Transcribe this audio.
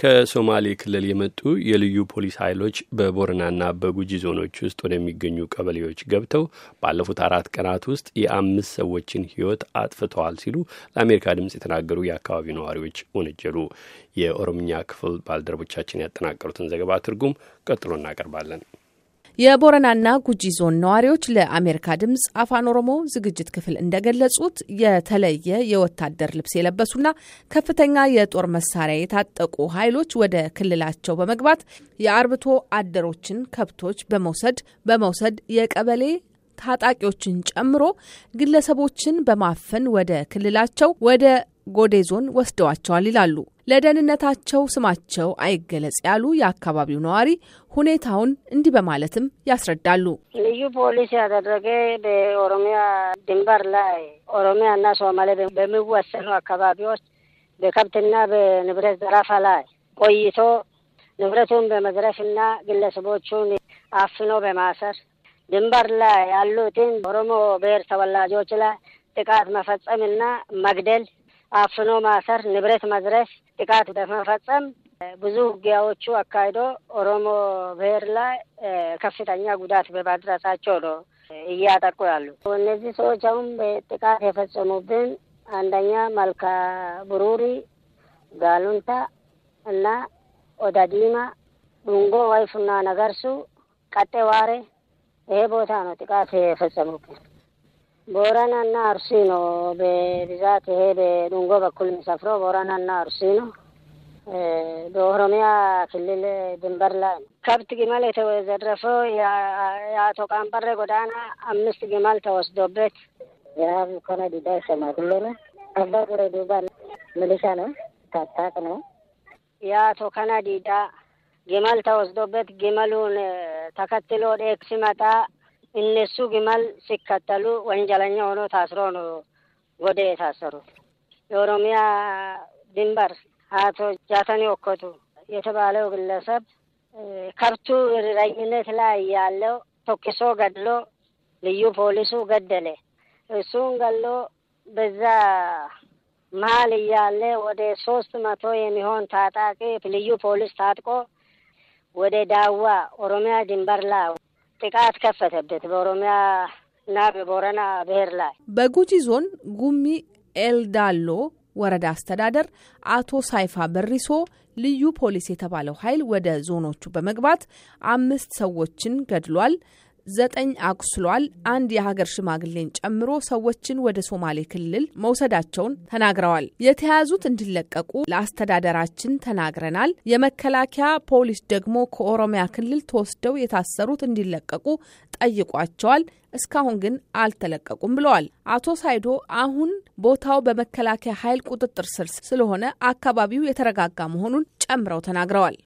ከሶማሌ ክልል የመጡ የልዩ ፖሊስ ኃይሎች በቦረናና በጉጂ ዞኖች ውስጥ ወደሚገኙ ቀበሌዎች ገብተው ባለፉት አራት ቀናት ውስጥ የአምስት ሰዎችን ሕይወት አጥፍተዋል ሲሉ ለአሜሪካ ድምፅ የተናገሩ የአካባቢው ነዋሪዎች ወነጀሉ። የኦሮምኛ ክፍል ባልደረቦቻችን ያጠናቀሩትን ዘገባ ትርጉም ቀጥሎ እናቀርባለን። የቦረናና ጉጂ ዞን ነዋሪዎች ለአሜሪካ ድምጽ አፋን ኦሮሞ ዝግጅት ክፍል እንደገለጹት የተለየ የወታደር ልብስ የለበሱና ከፍተኛ የጦር መሳሪያ የታጠቁ ኃይሎች ወደ ክልላቸው በመግባት የአርብቶ አደሮችን ከብቶች በመውሰድ በመውሰድ የቀበሌ ታጣቂዎችን ጨምሮ ግለሰቦችን በማፈን ወደ ክልላቸው ወደ ጎዴ ዞን ወስደዋቸዋል ይላሉ። ለደህንነታቸው ስማቸው አይገለጽ ያሉ የአካባቢው ነዋሪ ሁኔታውን እንዲህ በማለትም ያስረዳሉ። ልዩ ፖሊስ ያደረገ በኦሮሚያ ድንበር ላይ ኦሮሚያ እና ሶማሌ በሚወሰኑ አካባቢዎች በከብትና በንብረት ዘረፋ ላይ ቆይቶ ንብረቱን በመዝረፍና ግለሰቦቹን አፍኖ በማሰር ድንበር ላይ ያሉትን ኦሮሞ ብሔር ተወላጆች ላይ ጥቃት መፈጸምና መግደል አፍኖ ማሰር፣ ንብረት መዝረፍ፣ ጥቃት በመፈጸም ብዙ ውጊያዎቹ አካሂዶ ኦሮሞ ብሔር ላይ ከፍተኛ ጉዳት በማድረሳቸው ነው እያጠቁ ያሉ። እነዚህ ሰዎች አሁን ጥቃት የፈጸሙብን አንደኛ መልካ ብሩሪ፣ ጋሉንታ እና ኦዳዲማ፣ ዱንጎ፣ ዋይፉና ነገርሱ፣ ቀጤ ዋሬ ይሄ ቦታ ነው ጥቃት የፈጸሙብን። ቦረናና አርሲ ነው በብዛት ይሄ በዱንጎ በኩል የሚሰፍረው ቦረናና አርሲ ነው። በኦሮሚያ ክልል ድንበር ላይ ነው። ከብት ግመል የተዘረፈው የአቶ ቃምበሬ ጎዳና አምስት ግመል ተወስዶበት የሀብ ኮነ ዲዳ ይሰማግሎ ነው። አባ ጉሬ ዱባ ሚሊሻ ነው፣ ታጣቅ ነው። የአቶ ከነ ዲዳ ግመል ተወስዶበት ግመሉን ተከትሎ ዴክ ሲመጣ እነሱ ግመል ሲከተሉ ወንጀለኛ ሆኖ ታስሮ ነው ወደ የታሰሩት። የኦሮሚያ ድንበር አቶ ጃተኒ ወኮቱ የተባለው ግለሰብ ከብቱ እረኝነት ላይ ያለው ተኩሶ ገድሎ ልዩ ፖሊሱ ገደለ። እሱን ገሎ በዛ መሀል እያለ ወደ ሶስት መቶ የሚሆን ታጣቂ ልዩ ፖሊስ ታጥቆ ወደ ዳዋ ኦሮሚያ ድንበር ላይ ጥቃት ከፈተበት በኦሮሚያ እና በቦረና ብሔር ላይ። በጉጂ ዞን ጉሚ ኤልዳሎ ወረዳ አስተዳደር አቶ ሳይፋ በሪሶ ልዩ ፖሊስ የተባለው ኃይል ወደ ዞኖቹ በመግባት አምስት ሰዎችን ገድሏል። ዘጠኝ አቁስሏል። አንድ የሀገር ሽማግሌን ጨምሮ ሰዎችን ወደ ሶማሌ ክልል መውሰዳቸውን ተናግረዋል። የተያዙት እንዲለቀቁ ለአስተዳደራችን ተናግረናል። የመከላከያ ፖሊስ ደግሞ ከኦሮሚያ ክልል ተወስደው የታሰሩት እንዲለቀቁ ጠይቋቸዋል። እስካሁን ግን አልተለቀቁም ብለዋል አቶ ሳይዶ። አሁን ቦታው በመከላከያ ኃይል ቁጥጥር ስር ስለሆነ አካባቢው የተረጋጋ መሆኑን ጨምረው ተናግረዋል።